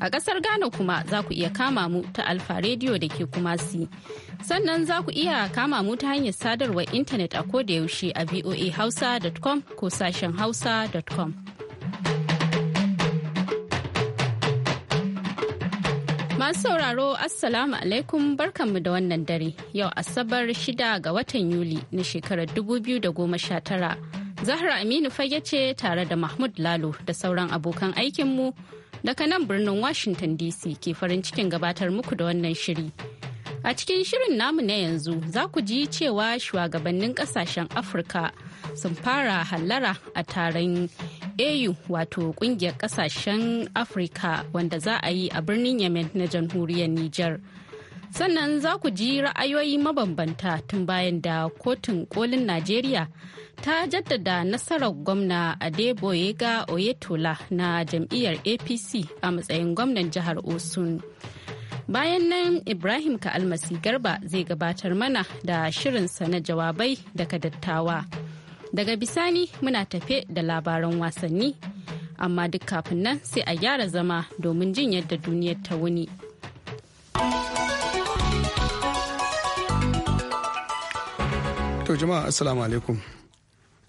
A ƙasar Ghana kuma za ku iya kama mu ta Alfa Radio da ke Kumasi. Sannan za ku iya kama mu ta hanyar sadarwar intanet a ko da yaushe a voahausa.com ko sashen hausa.com. Masu sauraro Assalamu alaikum barkanmu da wannan dare yau Asabar shida ga watan Yuli na shekarar 2019. Zahra Aminu fage ce tare da Mahmud Lalo da sauran abokan aikinmu daga nan birnin Washington DC ke farin cikin gabatar muku da wannan shiri. A cikin shirin namu na yanzu za ku ji cewa shugabannin kasashen Afirka sun fara hallara a taron AU wato kungiyar kasashen Afirka wanda za a yi a birnin Yemen na jamhuriyar Nijar. sannan za ku ji ra'ayoyi mabambanta tun bayan da kotun kolin najeriya ta jaddada nasarar gwamna adeboyega oyetola na jam'iyyar apc a matsayin gwamnan jihar osun bayan nan ibrahim ka'almasi garba zai gabatar mana da shirinsa na jawabai daga dattawa daga bisani muna tafe da labaran wasanni amma duk kafin nan sai a gyara zama domin jin yadda duniyar ta wuni. To jama'a assalamu alaikum.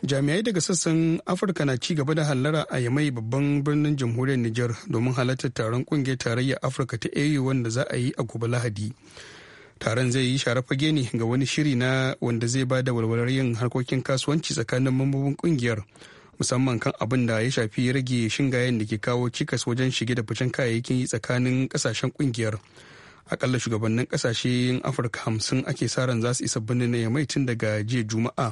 Jami'ai daga sassan Afirka na ci gaba da hallara a Yamai babban birnin jamhuriyar Nijar domin halartar taron kungiyar tarayyar Afirka ta AU wanda za a yi a gobe Lahadi. Taron zai yi shara fage ne ga wani shiri na wanda zai ba da walwalar yin harkokin kasuwanci tsakanin mambobin kungiyar musamman kan abin da ya shafi rage shingayen da ke kawo cikas wajen shige da ficen kayayyakin tsakanin kasashen kungiyar. akalla shugabannin kasashen afirka hamsin ake sa ran za su isa birnin yamai mai tun daga jiya juma'a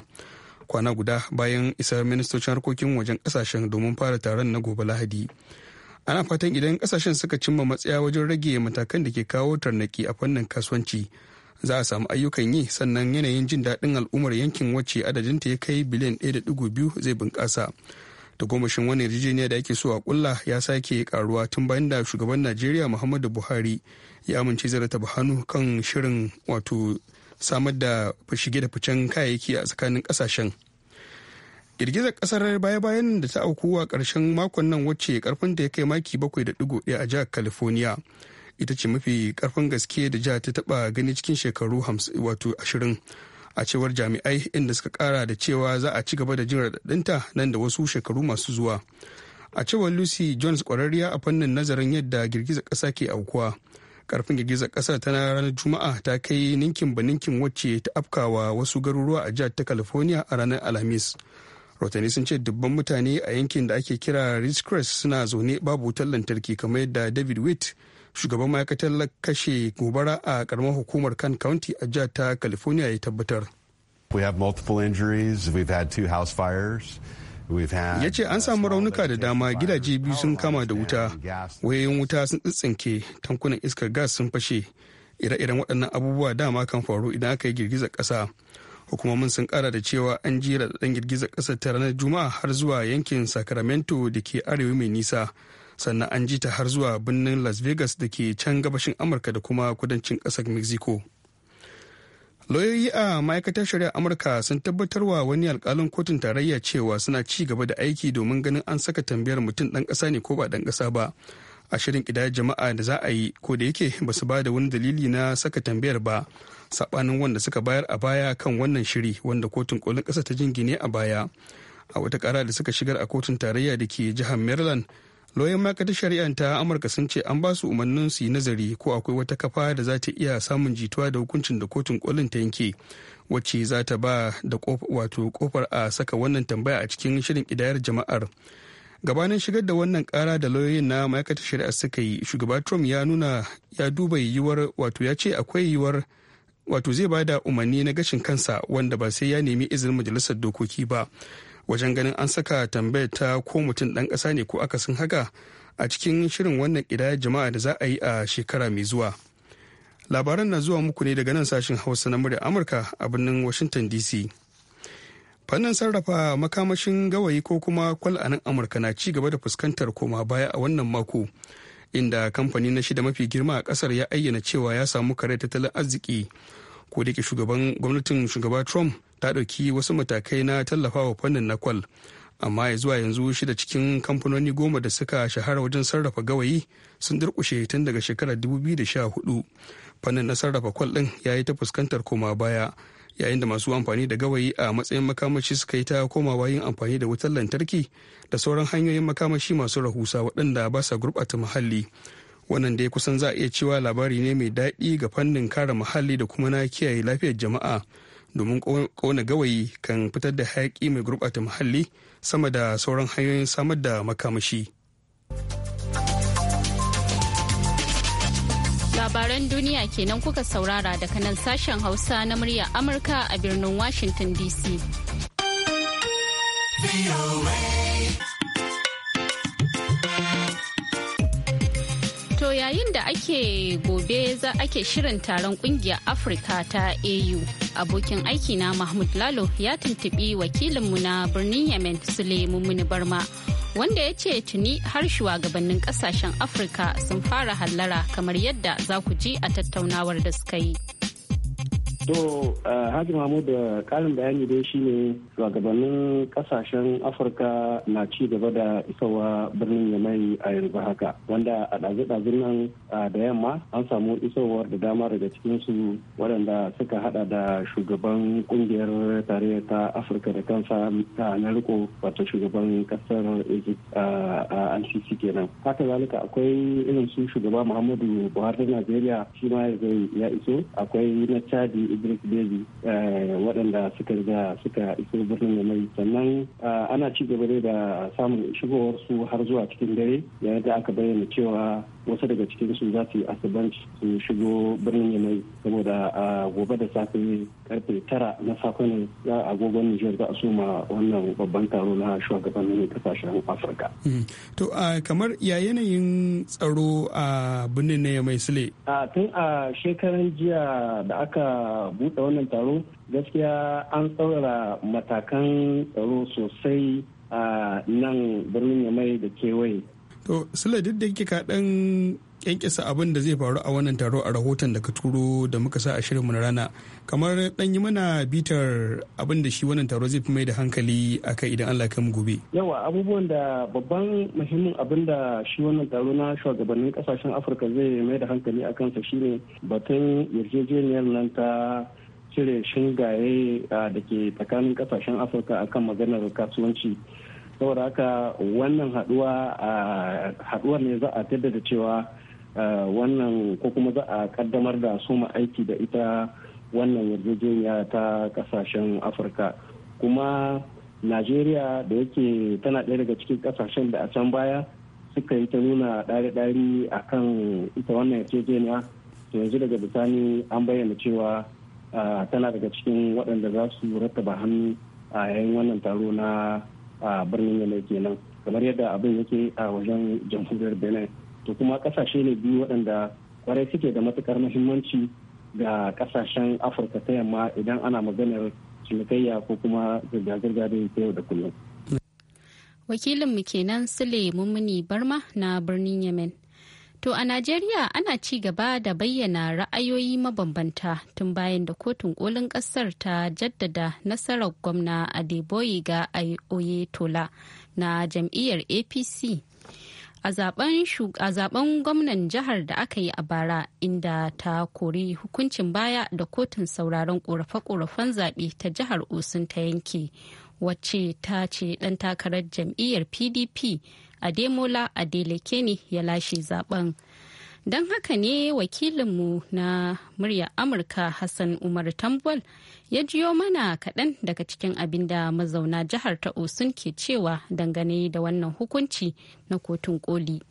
kwana guda bayan isa ministocin harkokin wajen kasashen domin fara taron na gobe lahadi ana fatan idan kasashen suka cimma matsaya wajen rage matakan da ke kawo tarnaki a fannin kasuwanci za a samu ayyukan yi sannan yanayin jin daɗin al'ummar yankin wacce adadinta ya kai biliyan 1.2 zai bunƙasa da gomashin wani yarjejeniya da ake so a kulla ya sake karuwa tun bayan da shugaban najeriya muhammadu buhari ya amince zai taba hannu kan shirin wato samar da shige da ficen kayayyaki a tsakanin kasashen girgizar kasar baya-bayan da ta auku a ƙarshen makon nan wacce karfin ya kai maki bakwai 7.1 a jihar california ita ce mafi karfin gaske da jihar ta taba gani cikin shekaru wato ashirin a cewar jami'ai inda suka kara da cewa za a ci gaba da jin raɗaɗinta nan da wasu shekaru masu zuwa a cewar lucy jones kwararriya a fannin nazarin yadda girgizar ƙasa ke aukuwa karfin girgizar ƙasa ta ranar juma'a ta kai ninkin ba ninkin wacce ta afkawa wasu garuruwa a jihar ta california a ranar alhamis rotani sun ce dubban mutane a yankin da ake kira ridgecrest suna zaune babu wutar lantarki kamar yadda david witt shugaban ma'aikatar kashe gobara a karamar hukumar kan county a jihar ta california ya tabbatar We have multiple injuries. We've had two house fires. ya ce an samu raunuka da dama gidaje biyu sun kama da wuta wayoyin wuta sun tsintsinke tankunan iskar gas sun fashe ire-iren waɗannan abubuwa dama kan faru idan aka yi girgizar ƙasa hukumomin sun kara da cewa an jira da ɗan girgizar ƙasa ta ranar juma'a har zuwa yankin sacramento da ke arewa mai nisa sannan an ji ta har zuwa birnin las vegas da ke can gabashin amurka da kuma kudancin kasar mexico lauyoyi a ma'aikatar shari'a amurka sun tabbatar wa wani alkalin kotun tarayya cewa suna ci gaba da aiki domin ganin an saka tambayar mutum ɗan ƙasa ne ko ba ɗan ƙasa ba a shirin ƙidayar jama'a da za a yi ko da yake ba su ba da wani dalili na saka tambayar ba saɓanin wanda suka bayar a baya kan wannan shiri wanda kotun kolin ƙasa ta jingine a baya a wata ƙara da suka shigar a kotun tarayya da ke jihar maryland lauyan ma'aikatar shari'ar ta amurka sun ce an ba su umarnin su yi nazari ko akwai wata kafa da za ta iya samun jituwa da hukuncin da kotun kolin ta yanke wacce za ta ba da wato kofar a saka wannan tambaya a cikin shirin kidayar jama'ar gabanin shigar da wannan kara da lauyoyin na ma'aikatar shari'a suka yi shugaba trump ya nuna ya duba yiwuwar wato ya ce akwai yiwuwar wato zai ba da umarni na gashin kansa wanda ba sai ya nemi izinin majalisar dokoki ba wajen ganin an saka tambayar ta ko mutum ɗan ƙasa ne ko akasin haka a cikin shirin wannan ƙidayar jama'a da za a yi a shekara mai zuwa labaran na zuwa muku ne daga nan sashen hausa na murya amurka a birnin washington dc fannin sarrafa makamashin gawayi ko kuma kwal a nan amurka na ci gaba da fuskantar koma baya a wannan mako inda kamfani na shida mafi girma a kasar ya ayyana cewa ya samu kare tattalin arziki ko da shugaban gwamnatin shugaba trump ta ɗauki wasu matakai na tallafawa fannin na kwal amma ya zuwa yanzu shida cikin kamfanoni goma da suka shahara wajen sarrafa gawayi sun durkushe tun daga shekarar 2014 fannin na sarrafa kwal ɗin ya yi ta fuskantar koma baya yayin da masu amfani da gawayi a matsayin makamashi suka yi ta komawa yin amfani da wutar lantarki da sauran hanyoyin makamashi masu rahusa waɗanda ba sa gurɓata muhalli wannan dai kusan za a iya cewa labari ne mai daɗi ga fannin kare muhalli da kuma na kiyaye lafiyar jama'a domin kona gawayi kan fitar da hayaki mai gurɓata muhalli sama da sauran hanyoyin samar da makamashi. Labaran duniya kenan kuka saurara daga nan sashen Hausa na murya Amurka a birnin Washington DC. To yayin da ake gobe za ake shirin taron kungiyar Afirka ta AU. Abokin aiki na Mahmud Lalo ya tuntubi wakilinmu na birnin Yemen Sule Mummuni Barma. Wanda ya ce tuni har shugabannin kasashen Afirka sun fara hallara kamar yadda za ku ji a tattaunawar da suka yi. To uh, Haji Mahmud da karin bayani dai ne shugabannin kasashen Afirka na ci gaba da isowa birnin Yamai a yanzu haka wanda a ɗazu-ɗazun nan uh, da yamma an samu isowar da dama daga cikinsu waɗanda suka haɗa da shugaban ƙungiyar tarayyar ta Afirka da kansa na riko wato shugaban kasar Egypt uh, a LCC kenan. Haka zalika akwai irin su shugaba Muhammadu Buhari na Najeriya shi ma ya iso akwai na Chadi idris bezi eh, waɗanda suka riga suka iso birnin da mai sannan eh, ana ci gaba da samun shigowar su har zuwa cikin dare yayin da aka bayyana cewa wasu daga cikin su za su yi asibar su shigo birnin yamai saboda a gobe da safe karfe tara na safe ne za a agogon nijar za a soma wannan babban taro na shugabannin kasashen afirka. Hmm. to kamar ya yanayin tsaro a birnin na yamai sule. tun a shekaran jiya da aka buɗe wannan taro gaskiya an tsaurara matakan tsaro sosai a nan birnin yamai da kewaye to sila duk da kika dan kyankyasa abin da zai faru a wannan taro a rahoton da ka turo da muka sa a shirinmu na rana kamar dan yi mana bitar abin da shi wannan taro zai fi mai da hankali a idan Allah mu gobe. Yawa abubuwan da babban muhimmin abin da shi wannan taro na shugabannin kasashen Afirka zai mai da hankali a kansa shine batun yarjejeniyar nan ta cire shingaye ah, da ke tsakanin kasashen Afirka akan maganar kasuwanci. saboda haka wannan haduwa a haduwar ne za a da cewa wannan ko kuma za a kaddamar da su aiki da ita wannan yarjejeniya ta kasashen afirka kuma najeriya da yake tana ɗaya daga cikin kasashen da a can baya suka yi ta nuna ɗari-ɗari a kan ita wannan yarjejeniya to yanzu daga bisani an bayyana cewa tana daga cikin waɗanda za su rattaba hannu a yayin wannan taro na a birnin yamai kenan kamar yadda abin yake a wajen jamhuriyar benin to kuma kasashe ne biyu waɗanda kwarai suke da matukar muhimmanci ga kasashen afirka ta yamma idan ana maganar cinikayya ko kuma zirga-zirga da yau da kullum wakilinmu kenan sule mummuni barma na birnin yemen To a Najeriya ana ci gaba da bayyana ra'ayoyi mabambanta tun bayan da kotun kolin ƙasar ta jaddada nasarar gwamna Adeboye ga Oyetola na jam'iyyar APC. A zaben gwamnan jihar da aka yi a bara inda ta kori hukuncin baya da kotun sauraron ƙorafe korafen zaɓe ta jihar Osun ta yanke. wacce ta ce ɗan takarar jam'iyyar pdp ademola adeleke ne ya lashe zaben don haka ne wakilinmu na murya amurka hassan umar tambol ya jiyo mana kaɗan daga cikin abin da mazauna jihar ta osun ke cewa dangane da wannan hukunci na kotun koli.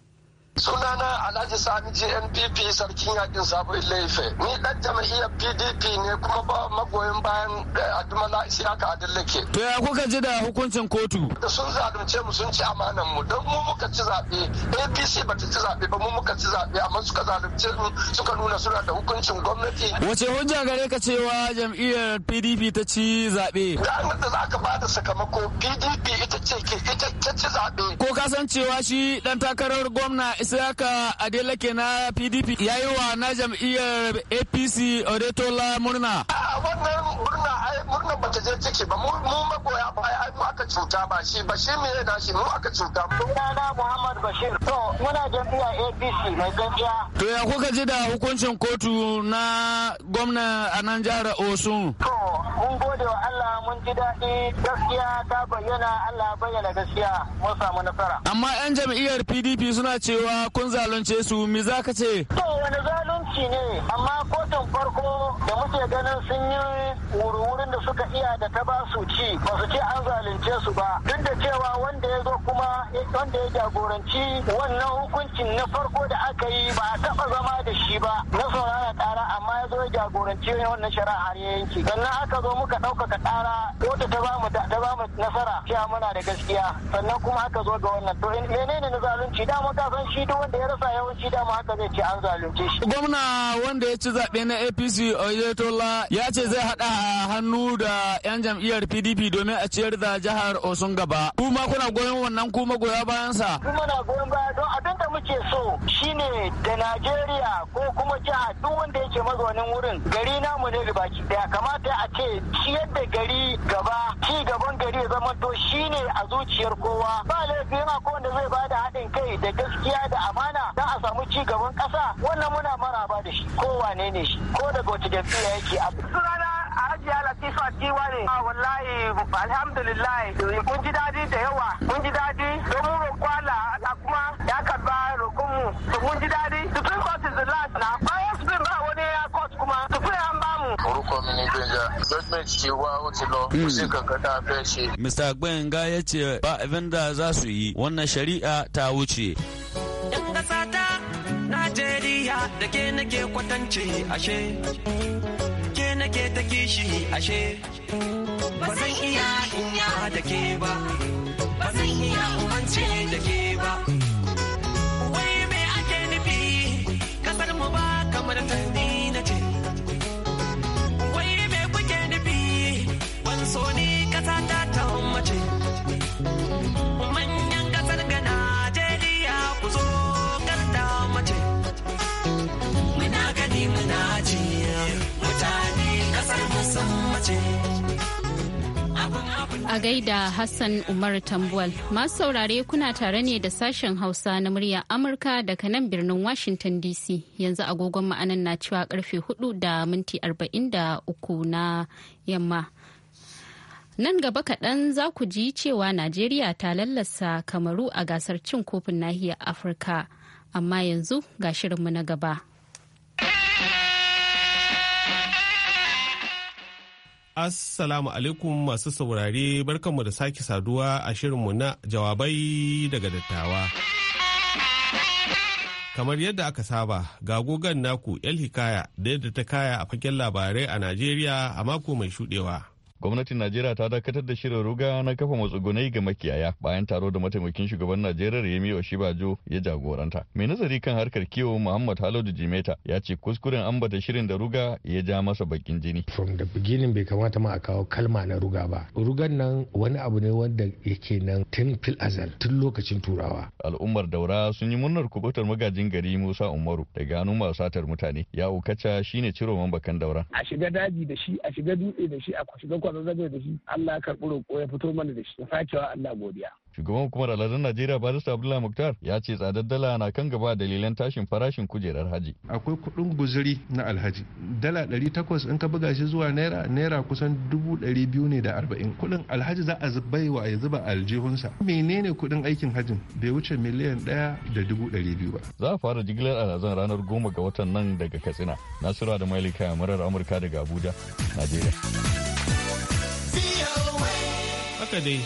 sunana alhaji sani JNPP sarkin yakin sabo laife ni dan jam'iyyar pdp ne kuma ba magoyin bayan eh, adumala isi aka adillake to ya kuka ji da hukuncin kotu da sun zalunce mu sun ci amanan mu don mu muka ci zaɓe apc ba ta ci zaɓe ba mu muka ci zaɓe amma suka zalunce mu suka nuna suna da hukuncin gwamnati wace hujja gare ka cewa jam'iyyar pdp ta ci zaɓe ranar da za ka ba da sakamako pdp ita ce ke ita ta ci zaɓe ko kasancewa shi dan takarar gwamna Isiyaka Adeleke na PDP ya yi wa na jam'iyyar APC Odetola murna. Wannan murna ai murna ba ta je ciki ba mu magoya baya ai mu aka cuta ba shi ba shi me da shi mu aka cuta. Sunana Muhammad Bashir. To muna jam'iyyar APC mai gaskiya. To ya kuka ji da hukuncin kotu na gwamna a nan jihar Osun. To mun gode wa Allah mun ji daɗi gaskiya ta bayyana Allah bayyana gaskiya mun samu nasara. Amma 'yan jam'iyyar PDP suna cewa kun zalunce su mi za ka ce? To wani zalunci ne amma kotun farko da muke ganin sun yi wuri-wurin da suka iya da ta ba su ci ba su ce an zalunce su ba duk da cewa wanda ya zo kuma eh, wanda ya jagoranci wannan hukuncin na farko da aka yi ba a taɓa zama da shi ba na saurara ƙara amma ya zo ya jagoranci wannan shari'a har ya yanki sannan aka zo muka ɗaukaka ƙara wata ta ba mu ta bamu nasara cewa muna da gaskiya sannan kuma aka zo ga wannan to menene na zalunci dama ka san shi duk wanda ya rasa yawanci dama haka zai ce an zalunce shi. Gwamna wanda ya ci zaɓe na APC Oyetola ya ce zai haɗa hannu da 'yan jam'iyyar PDP domin a ciyar da jihar Osungaba. gaba. Kuma kuna goyon wannan kuma goya bayansa. Kuma na goyon baya don abin da muke so shine da Najeriya ko kuma jiha duk wanda yake mazaunin wurin gari namu ne baki daya kamata a ce ciyar da gari gaba ci gaban gari ya zama to shine a zuciyar kowa ba laifi yana ko wanda zai bada haɗin kai da gaskiya da da amana da a samu ci gaban ƙasa wannan muna maraba da shi ko wane ne shi ko daga wace jam'iyya yake a Sunana Hajiya Latifa Tiwa ne. Ah, wallahi alhamdulillah kun ji dadi da yawa kun ji dadi don mun roƙwala kuma ya karba roƙonmu to mun ji dadi. Supreme Court is the last na bayan Supreme ba wani ya court kuma Supreme an bamu. Orúkọ mi ni Gbẹ̀ngà, government ti wá ó ti lọ, kò hmm. a fẹ́ ṣe. Mr. Gbẹ̀ngà ya ce ba abin da za su yi, wannan shari'a ta wuce. da ke nake kwatance ashe ke nake ta kishi ashe ba zan iya inya da ke ba ba zan iya umance da ke ba wai me ake nufi kasar mu ba kamar tandi A gaida Hassan Umar Tambuwal. Masu saurare kuna tare ne da sashen Hausa na murya Amurka daga nan birnin Washington DC. Yanzu agogon ma'anan na cewa karfe 4 da minti 43 na yamma. Nan gaba kaɗan za ku ji cewa Najeriya ta lallasa kamaru a gasar cin kofin nahiyar Afirka. Amma yanzu ga shirinmu na gaba. Assalamu alaikum masu saurare barkanmu da sake saduwa a shirinmu na jawabai daga dattawa. Kamar yadda aka saba, ga gogon naku 'yan Hikaya da yadda ta kaya a fagen labarai a Najeriya a mako mai shudewa. Gwamnatin Najeriya ta dakatar da shirin ruga na kafa matsugunai ga makiyaya bayan taro da mataimakin shugaban Najeriya Yemi Oshibajo ya jagoranta. Mai nazari kan harkar kiwo Muhammad Haladu Jimeta ya ce kuskuren ambata shirin da ruga ya ja masa bakin jini. From the beginning bai kamata ma a kawo kalma na ruga ba. Rugan nan wani abu ne wanda yake nan tun fil azal tun lokacin turawa. Al'ummar daura sun yi murnar kubutar magajin gari Musa Umaru da gano masu satar mutane. Ya ukaca shine ciro man bakan daura. A shiga daji da shi a shiga dutse da shi a shiga zabe da shi Allah ya karɓi roƙo ya fito mana da shi ya sakewa Allah godiya. Shugaban hukumar aladun Najeriya Barista Abdullahi Muktar ya ce tsadar dala na kan gaba dalilan tashin farashin kujerar haji. Akwai kuɗin guzuri na alhaji. Dala ɗari takwas in ka buga shi zuwa naira naira kusan dubu ɗari biyu ne da arba'in. Kuɗin alhaji za a wa ya zuba aljihunsa. Menene kuɗin aikin hajin bai wuce miliyan ɗaya da dubu ɗari biyu ba. Za a fara jigilar alazan ranar goma ga watan nan daga Katsina. Nasura da Malika murar Amurka daga Abuja, Najeriya. haka dai,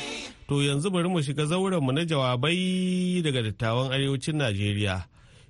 to yanzu bari mu shiga zaurenmu na jawabai daga dattawan arewacin Najeriya.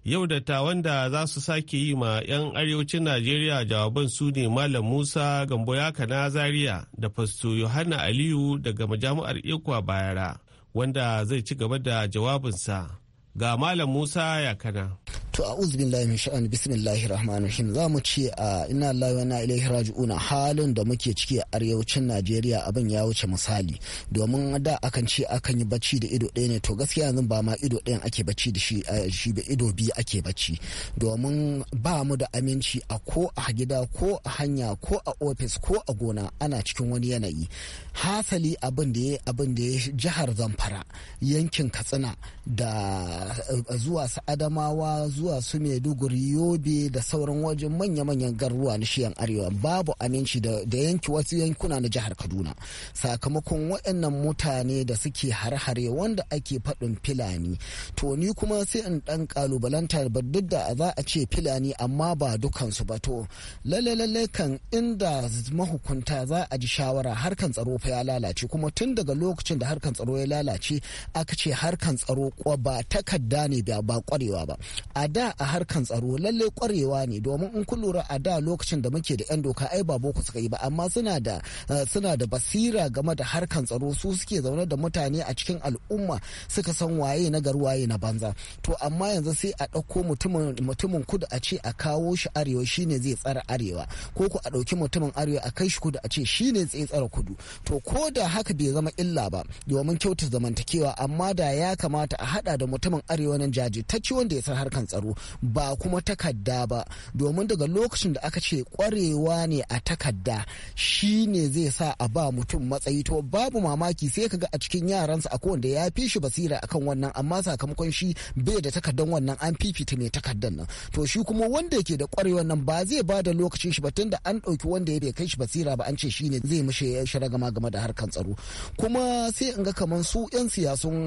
Yau dattawan da za su sake yi ma 'yan arewacin Najeriya jawaban su ne Malam Musa Gambo yakana na Zaria da Fasto Yohana Aliyu daga majami'ar Ikwa Bayara, wanda zai ci gaba da jawabinsa. Ga Malam Musa Yakana. to a uzbillahi min sha'ani bismillahi rahmanu rahim za mu ce a ina lillahi wa ilai ilaihi halin da muke ciki a arewacin Najeriya abin ya wuce misali domin da akan ce akan yi bacci da ido ɗaya ne to gaskiya yanzu ba ma ido ɗayan ake bacci da shi shi ba ido biyu ake bacci domin ba mu da aminci a ko a gida ko a hanya ko a ofis ko a gona ana cikin wani yanayi hasali abin da ya abin da ya jihar Zamfara yankin Katsina da zuwa su Adamawa zuwa zuwa su maiduguri yobe da sauran wajen manya-manyan garuruwa na shiyan arewa babu aminci da yanki wasu yankuna na jihar kaduna sakamakon waɗannan mutane da suke har-hare wanda ake faɗin filani to ni kuma sai in ɗan kalubalanta ba duk da za a ce filani amma ba dukansu ba to lalle lalle kan inda mahukunta za a ji shawara harkan tsaro fa ya lalace kuma tun daga lokacin da harkan tsaro ya lalace aka ce harkan tsaro ba takarda ne ba kwarewa ba a da a harkan tsaro lalle kwarewa ne domin in kun lura a da lokacin da muke da 'yan doka ai ba boko suka yi ba amma suna da eh, suna da basira game da harkan tsaro su suke zaune da mutane a cikin al'umma suka san waye na waye na banza to amma yanzu sai a ɗauko mutumin mutumin kudu a ce a kawo shi arewa shine zai tsara arewa ko ku a ɗauki mutumin arewa a kai shi kudu a ce shine zai tsara kudu to ko da haka bai zama illa ba domin kyautar zamantakewa amma da ya kamata a haɗa da mutumin arewa nan jajirtacci wanda ya san harkan tsaro tsaro ba kuma takarda ba domin daga lokacin da aka ce kwarewa ne a takarda shi ne zai sa a ba mutum matsayi to babu mamaki sai kaga a cikin yaransa a wanda ya fi shi basira akan wannan amma sakamakon shi bai da takardan wannan an fifita mai takardan nan to shi kuma wanda yake da kwarewa nan ba zai ba da lokacin shi ba tunda an ɗauki wanda ya bai kai shi basira ba an ce shi ne zai mishi gama game da harkan tsaro kuma sai in ga kamar su 'yan siyasun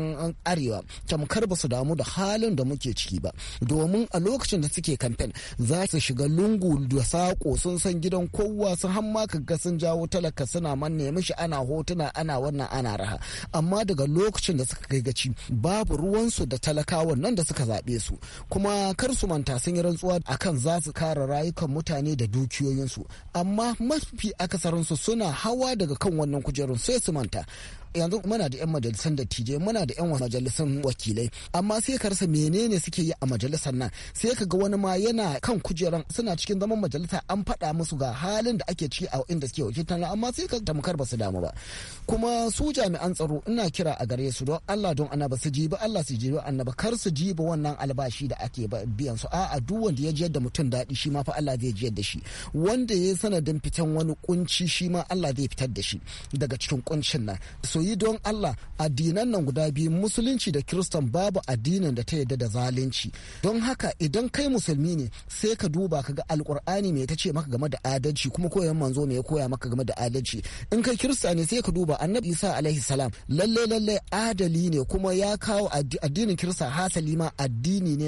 arewa tamkar ba su damu da halin da muke ciki ba domin a lokacin da suke kamfen za su shiga lungu da saƙo sun san gidan kowa sun hamma kaga sun jawo talaka suna man nemi shi ana hotuna ana wannan ana raha amma daga lokacin da suka kai gaci babu ruwansu da talaka wannan da suka zaɓe su kuma kar su manta sun yi rantsuwa akan za su kare rayukan mutane da dukiyoyinsu amma mafi akasarinsu suna hawa daga kan wannan kujerun sai su manta yanzu muna da 'yan majalisan dattijai muna da 'yan majalisan wakilai amma sai ka rasa menene suke yi a majalisar nan sai ka ga wani ma yana kan kujeran suna cikin zaman majalisa an faɗa musu ga halin da ake ciki a inda suke wakiltar amma sai ka tamkar ba su damu ba kuma su jami'an tsaro ina kira a gare su don Allah don annaba su ji ba Allah su ji ba annaba kar su ji ba wannan albashi da ake biyan su a'a duk wanda ya ji yadda mutum daɗi shi ma fa Allah zai ji da shi wanda ya sanadin fitan wani kunci shi ma Allah zai fitar da shi daga cikin kuncin nan koyi don Allah addinan nan guda biyu musulunci da kiristan babu addinin da ta yadda da zalunci don haka idan kai musulmi ne sai ka duba ka ga alkur'ani me ta ce maka game da adalci kuma koyan manzo me ya koya maka game da adalci in kai kirista ne sai ka duba annabi isa alaihi salam lalle lalle adali ne kuma ya kawo addinin kirista hasali ma addini ne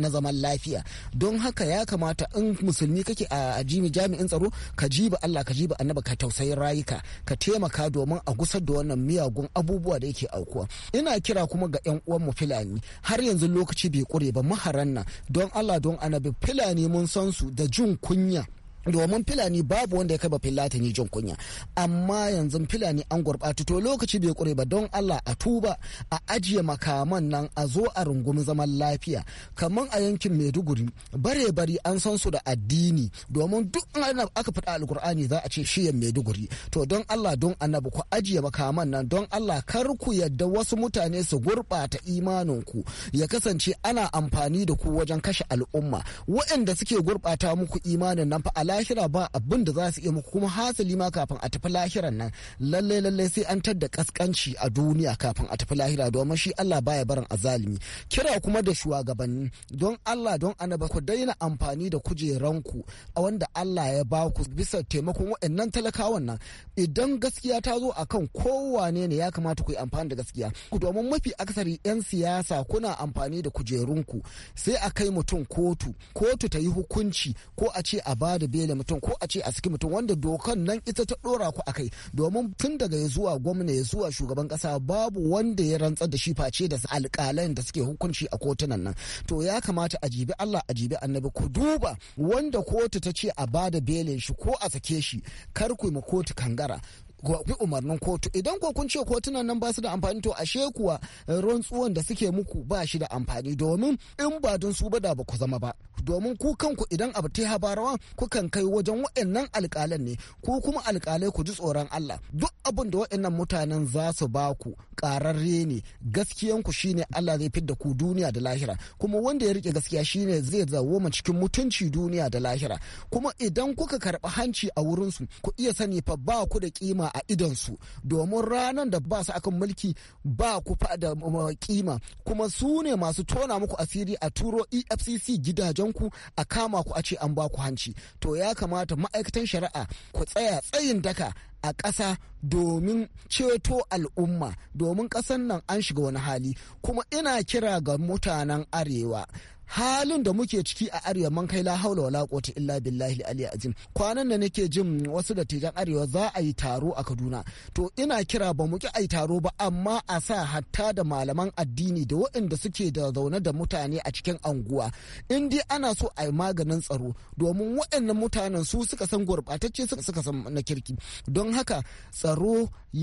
na zaman lafiya don haka ya kamata in musulmi kake a jami'in tsaro ka jiba Allah ka jiba annabi ka tausayin rayuka ka taimaka domin a gusar da wannan miyagun abubuwa da yake aukuwa ina kira kuma ga yan uwanmu filani har yanzu lokaci bai kure ba muharanna don allah don anabi filani mun san su da jin kunya domin filani babu wanda ya kaba filatani jin kunya amma yanzu filani an gurɓata to lokaci bai kure ba don Allah a tuba a ajiye makaman nan a zo a rungumi zaman lafiya kamar a yankin Maiduguri bare bari an san su da addini domin duk ana aka fada alkur'ani za a ce shi ya Maiduguri to don Allah don annabi ku ajiye makaman nan don Allah kar ku yadda wasu mutane su gurɓata imanin ku ya kasance ana amfani da ku wajen kashe al'umma waɗanda suke gurɓata muku imanin nan fa lahira ba abin da za su iya muku kuma hasali ma kafin a tafi lahiran nan lallai lallai sai an tadda kaskanci a duniya kafin a tafi lahira domin shi Allah baya barin azalimi kira kuma da shugabanni don Allah don anaba ku daina amfani da kujeranku a wanda Allah ya ba ku bisa taimakon waɗannan talakawan nan idan gaskiya ta zo akan kowane ne ya kamata ku yi amfani da gaskiya domin mafi akasari 'yan siyasa kuna amfani da kujerunku sai a kai mutum kotu kotu ta yi hukunci ko a ce a ba da da mutum ko a ce a saki mutum wanda dokan nan ita ta dora ku akai domin tun daga ya zuwa gwamna ya zuwa shugaban kasa babu wanda ya rantsar da shi face da alƙalan da suke hukunci a kotunan nan to ya kamata a jibi Allah a jibi annabi ku duba wanda kotu ta ce a bada belin shi ko a sake shi kar ku ma kotu kangara bi umarnin kotu idan ko kun ce kotunan nan ba su da amfani to ashe kuwa eh, rantsuwan da suke muku ba shi da amfani domin in ba don su ba da ba ku zama ba domin ku kanku idan abu ta habarawa kan kai wajen waɗannan alƙalan ne ku kuma alƙalai ku ji tsoron Allah duk abin da waɗannan mutanen za su ba ku ƙararre ne gaskiyan ku shine Allah zai fidda ku duniya da lahira kuma wanda ya rike gaskiya shine zai zawo mu cikin mutunci duniya da lahira kuma idan kuka karɓi hanci a wurin su ku iya sani fa ba ku da kima a idonsu domin ranar da ba su akan mulki ba ku da um, um, kima kuma su ne masu tona muku asiri a turo efcc gidajenku a kama ku a ce an ba ku hanci to ya kamata ma'aikatan shari'a ku tsaya tsayin daka a ƙasa domin ceto al'umma domin ƙasan nan an shiga wani hali kuma ina kira ga mutanen arewa halin da muke ciki a arewa man kai la haula wala quwwata illa billahi ali azim kwanan da nake jin wasu da dattijan arewa za a yi taro a Kaduna to ina kira ba mu ki yi taro ba amma a sa hatta da malaman addini da waɗanda suke da zaune da mutane a cikin anguwa in dai ana so a yi maganin tsaro domin waɗannan mutanen su suka san gurɓatacce suka suka san na kirki don haka tsaro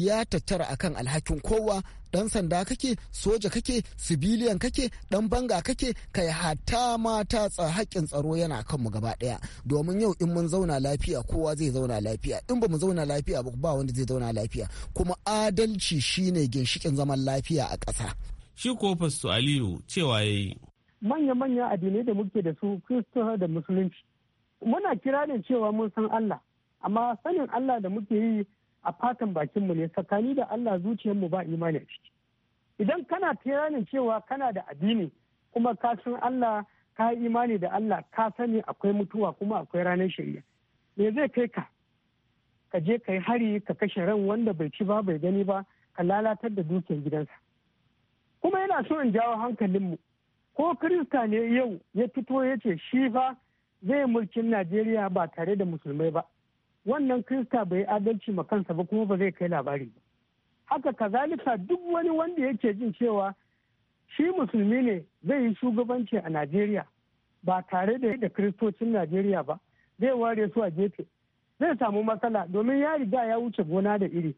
ya tattara akan alhakin kowa dan sanda kake soja kake sibiliyan kake dan banga kake kai hatta mata tsa haƙƙin tsaro yana kanmu gaba ɗaya domin yau in mun zauna lafiya kowa zai zauna lafiya in ba mu zauna lafiya ba wanda zai zauna lafiya kuma adalci shine ginshikin zaman lafiya a ƙasa shi ko fasto aliyu cewa yayi. manya-manya addinai da muke da su kristo da musulunci muna kira kiranin cewa mun san allah amma sanin allah da muke yi a fatan bakinmu ne tsakani da Allah mu ba imani a ciki idan kana tiranin cewa kana da addini kuma ka san Allah ka yi imani da Allah ka sani akwai mutuwa kuma akwai ranar shari'a me zai kai ka ka je ka yi hari ka kashe ran wanda bai ci ba bai gani ba ka lalatar da dukiyar gidansa kuma yana so in jawo mu. ko kirista ne yau ya fito ya ce shi fa zai mulkin najeriya ba tare da musulmai ba wannan krista bai adalci ma kansa ba kuma ba zai kai labari ba haka kazalika duk wani wanda yake jin cewa shi musulmi ne zai yi shugabanci a najeriya ba tare da da kristocin najeriya ba zai ware su a gefe zai samu matsala domin ya riga ya wuce gona da iri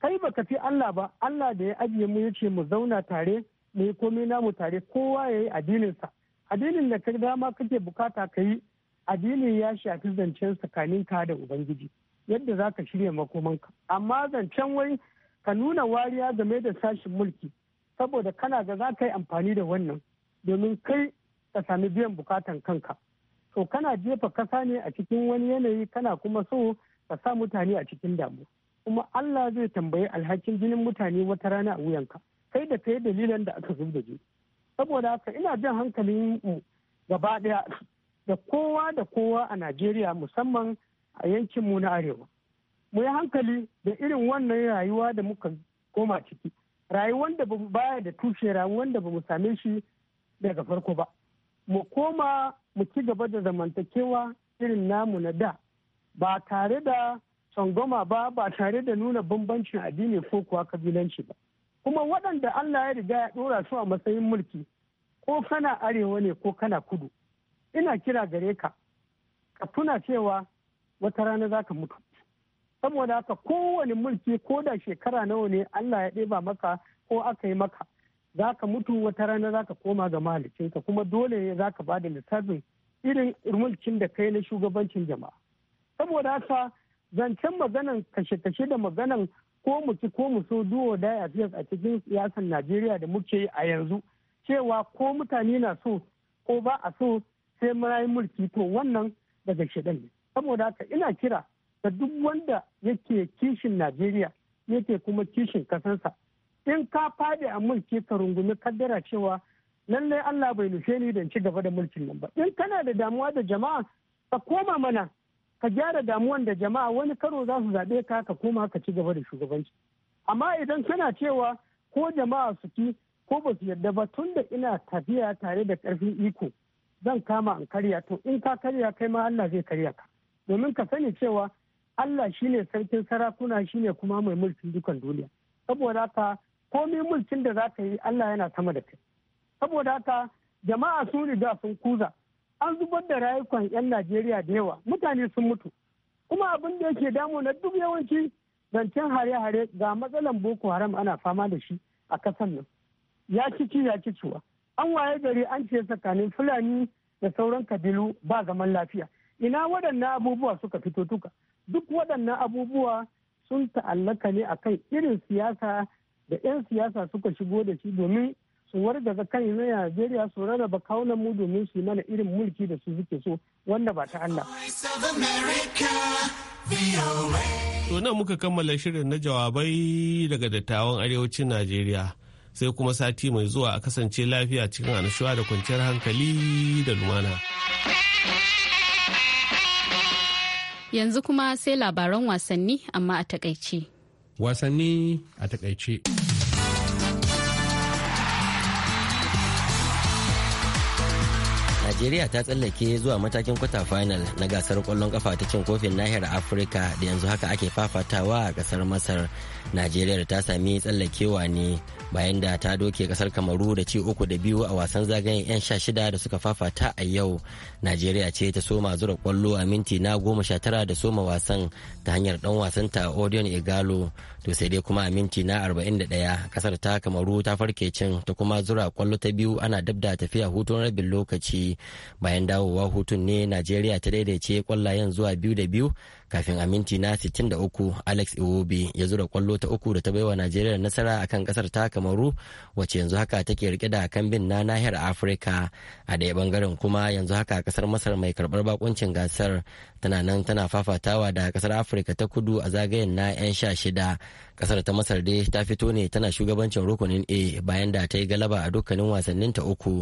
kai baka fi allah ba allah da ya ajiye mu yace mu zauna tare mu yi komai namu tare kowa ya yi addininsa addinin da ka dama kake bukata ka yi addini ya shafi zancen tsakanin ka da ubangiji yadda za ka shirya makomanka amma zancen wai ka nuna wariya game da sashin mulki saboda kana ga za ka yi amfani da wannan domin kai ka sami biyan bukatan kanka to kana jefa kasa ne a cikin wani yanayi kana kuma so ka sa mutane a cikin damu kuma Allah zai tambayi alhakin jinin mutane wata rana a wuyanka kai da kai dalilan da aka zubda da saboda haka ina jan hankalin mu gaba daya da kowa da kowa a najeriya musamman a yankinmu na arewa mu yi hankali da irin wannan rayuwa da muka koma ciki rayuwan da baya da tushe rayuwan da bamu same shi daga farko ba mu koma mu ci gaba da zamantakewa irin namu na da ba tare da tsangwama ba ba tare da nuna bambancin addini ko kuwa kabilanci ba kuma waɗanda allah ya riga ya ɗora su a matsayin mulki ko kana arewa ne ko kana kudu ina kira gare ka ka tuna cewa wata rana za ka mutu saboda haka kowane mulki ko da shekara nawa ne allah ya ɗeba maka ko aka yi maka za ka mutu wata rana za ka koma ga mahalicinka kuma dole ne za ka bada lissafin irin mulkin da kai na shugabancin jama'a saboda haka zancen maganan kashe-kashe da maganan ko mu ci ko mu so duwo da a cikin siyasar najeriya da muke a yanzu cewa ko mutane na so ko ba a so sai mun mulki to wannan daga shaɗan ne saboda haka ina kira da duk wanda yake kishin najeriya yake kuma kishin kasansa in ka faɗi a mulki ka rungumi kaddara cewa lallai allah bai nufe ni da ci gaba da mulkin nan ba in kana da damuwa da jama'a ka koma mana ka gyara damuwan da jama'a wani karo za su zaɓe ka ka koma ka ci gaba da shugabanci amma idan kana cewa ko jama'a su ki ko ba su yarda ba tun da ina tafiya tare da ƙarfin iko zan kama an karya to in ka karya kai ma Allah zai karya ka domin ka sani cewa Allah shine sarkin sarakuna shine kuma mai mulkin dukan duniya saboda haka komai mulkin da za ka yi Allah yana sama da kai saboda haka jama'a sun riga sun kuza an zubar da rayukan 'yan Najeriya da yawa mutane sun mutu kuma abin da yake damu na duk yawanci zancen hare-hare ga matsalan Boko Haram ana fama da shi a kasan nan ya ci ya ci cuwa. an waye gari an ce tsakanin fulani da sauran kabilu ba zaman lafiya ina waɗannan abubuwa suka fito tuka duk waɗannan abubuwa sun ta'allaka ne a kai irin siyasa da 'yan siyasa suka shigo da shi domin su wargaga kan na Najeriya su rarraba kaunan mu domin su mana irin mulki da su suke so wanda ba ta Allah. To nan muka kammala shirin na jawabai daga dattawan arewacin Najeriya. sai kuma sati mai zuwa a kasance lafiya cikin annashuwa da kwanciyar hankali da lumana. Yanzu kuma sai labaran wasanni amma a takaice. Wasanni a takaice. najeriya ta tsallake zuwa matakin kwata final na gasar kwallon kafa ta cin kofin nahiyar afirka da yanzu haka ake fafatawa a kasar masar najeriya ta sami tsallakewa ne bayan da ta doke kasar kamaru da ci uku da biyu a wasan zagayen 'yan sha shida da suka fafata a yau najeriya ce ta soma zura kwallo a minti na goma sha tara da soma wasan ta hanyar dan wasan ta Odion Igalo to sai dai kuma a minti na 41 kasar ta kamaru ta farke cin ta kuma zura kwallo ta biyu ana dab da tafiya hutun rabin lokaci bayan dawowa hutun ne Najeriya ta daidaice kwallayen zuwa biyu da biyu kafin a minti na 63 alex iwobi ya zura kwallo ta uku da ta baiwa najeriya nasara a kan kasar ta kamaru wacce yanzu haka take rike da kambin na nahiyar afirka a daya bangaren kuma yanzu haka kasar masar mai karbar bakuncin gasar tana nan tana fafatawa da kasar afirka ta kudu a zagayen na 'yan sha shida kasar ta masar dai ta fito ne tana shugabancin rukunin a bayan da ta yi galaba a dukkanin wasannin ta uku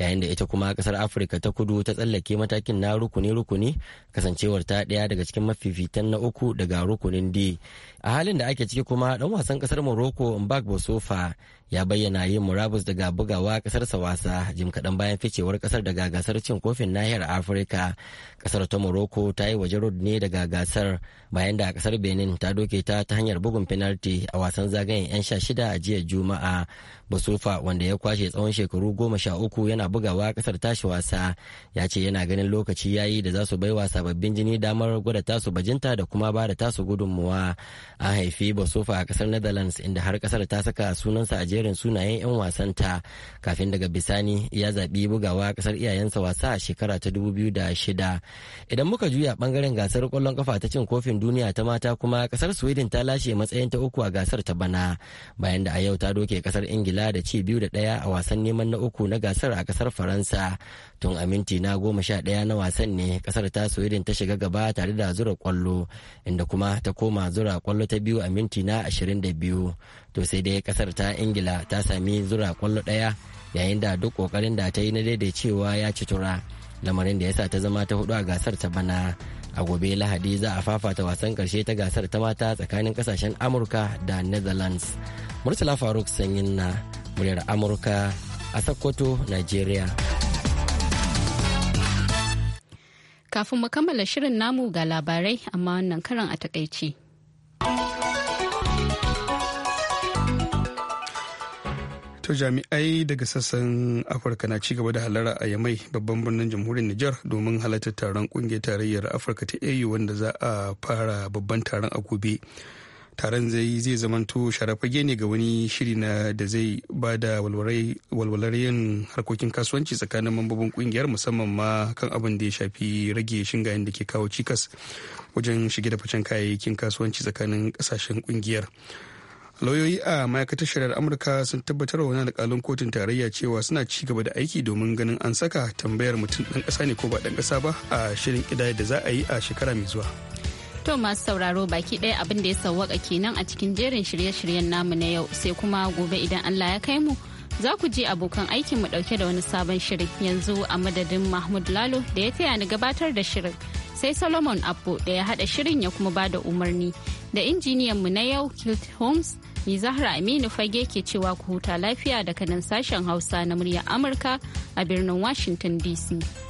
yayin da ita kuma kasar afirka ta kudu ta tsallake matakin na rukuni rukuni kasancewar ta daya daga cikin mafi fitan na uku daga rukunin d a halin da ake ciki kuma ɗan wasan kasar morocco mbak bosofa ya bayyana yin murabus daga bugawa kasarsa wasa jim kaɗan bayan ficewar kasar daga gasar cin kofin nahiyar afirka kasar ta morocco ta yi waje ne daga gasar bayan da kasar benin ta doke ta ta hanyar bugun penalty a wasan zagayen 'yan sha shida a jiya juma'a basufa wanda ya kwashe tsawon shekaru goma sha uku yana bugawa kasar tashi wasa ya ce yana ganin lokaci ya yi da za su baiwa sababbin jini damar gwada tasu bajinta da kuma ba da tasu gudunmuwa an haifi basufa a kasar netherlands inda har kasar ta saka sunansa a jerin sunayen 'yan wasan ta kafin daga bisani ya zaɓi bugawa ƙasar iyayensa wasa a shekara ta 2006 idan muka juya ɓangaren gasar ƙwallon kafa ta cin kofin duniya ta mata kuma ƙasar sweden ta lashe matsayin ta uku a gasar ta bana bayan da a yau ta doke ƙasar ingila da ci biyu da ɗaya a wasan neman na uku na gasar a ƙasar faransa tun a minti na goma sha ɗaya na wasan ne ƙasar ta sweden ta shiga gaba tare da zura ƙwallo inda kuma ta koma zura ƙwallo ta biyu a minti na ashirin da biyu to sai dai kasar ta ingila ta sami zura kwallo daya yayin da duk kokarin da ta yi na daidaicewa ya ci tura lamarin da ya sa ta zama ta hudu a gasar ta bana a gobe lahadi za a fafata wasan karshe ta gasar ta mata tsakanin kasashen amurka da netherlands murtala faruk sanyin na muryar amurka a sokoto nigeria kafin mu kammala shirin namu ga labarai amma wannan karan a takaici. To jami'ai daga sassan Afirka na cigaba da halara a Yamai babban birnin jamhuriyar Nijar domin halartar taron kungiyar tarayyar Afirka ta AU wanda za a fara babban taron a gobe. Taron zai zai zamanto sharafage ne ga wani shiri na da zai ba da walwalar yin harkokin kasuwanci tsakanin mambobin kungiyar musamman ma kan abin da ya shafi rage shingayen da ke kawo cikas wajen shige da facen kayayyakin kasuwanci tsakanin kasashen kungiyar. lauyoyi a ma'aikatar shari'ar amurka sun tabbatar wa wani alƙalin kotun tarayya cewa suna ci gaba da aiki domin ganin an saka tambayar mutum ɗan kasa ne ko ba ɗan kasa ba a shirin ƙidaya da za a yi a shekara mai zuwa To masu sauraro baki ɗaya abin da ya sauwaka kenan a cikin jerin shirye-shiryen namu na yau sai kuma gobe idan Allah ya kai mu za ku je abokan aikin mu ɗauke da wani sabon shirin yanzu a madadin Mahmud Lalo da ya taya ni gabatar da shirin. sai solomon abbo da ya hada shirin ya kuma bada umarni da injiniyan mu na yau kilt holmes mai zahra aminu fage ke cewa ku huta lafiya daga nan sashen hausa na muryar amurka a birnin washington dc